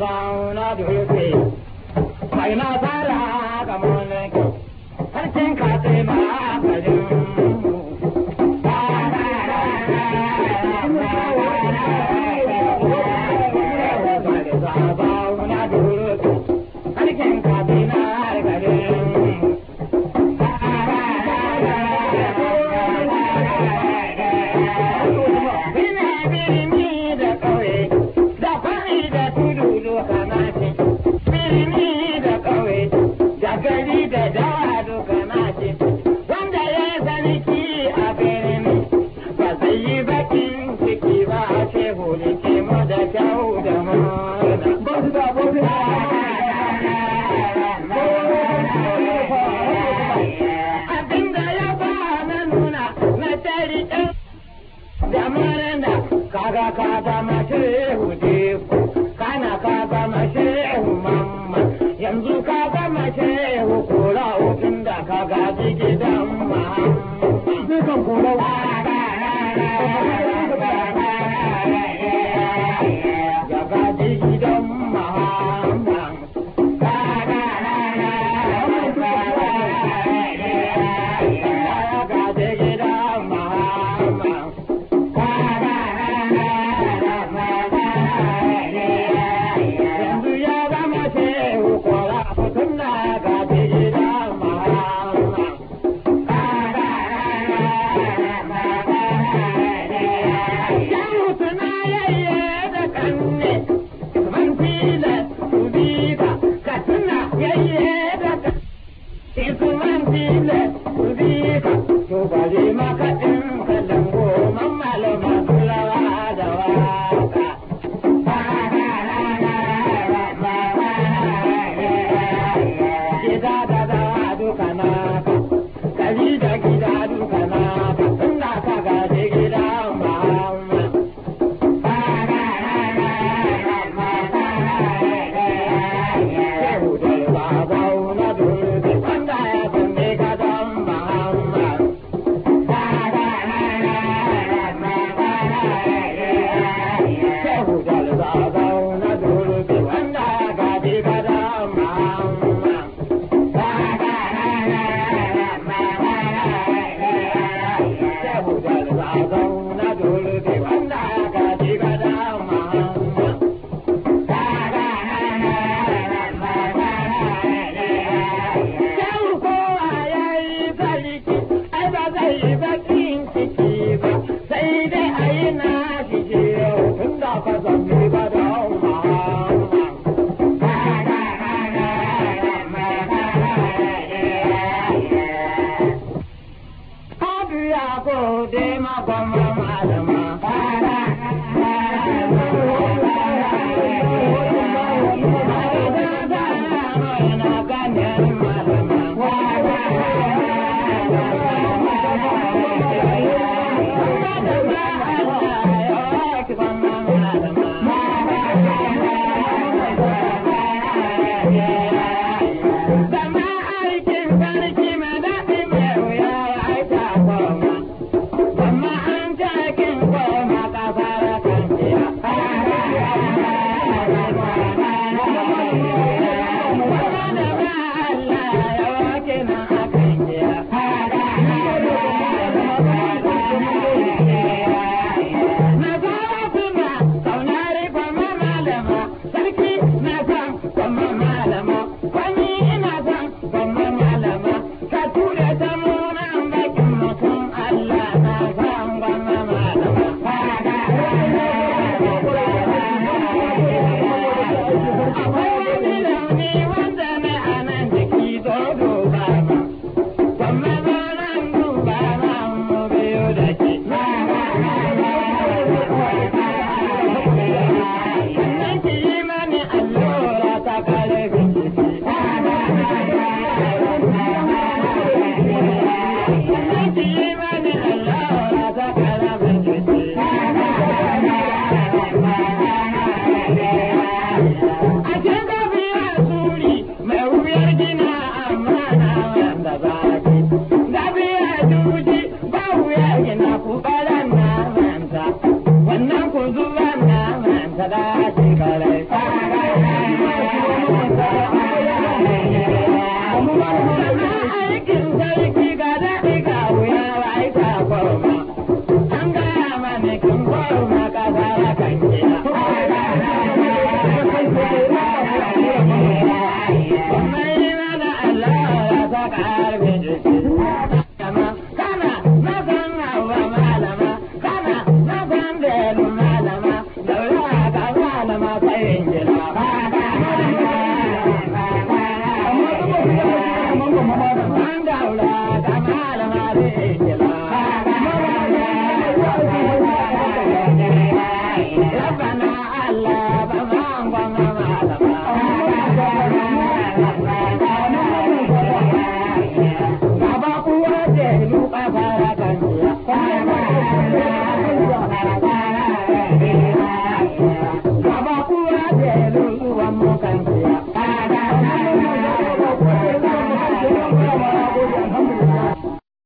खाते ka zama shehu kana ka zama mamma yanzu ka zama shehu kura hutun da ka gaji gidan mahamma. Baba. Thank you.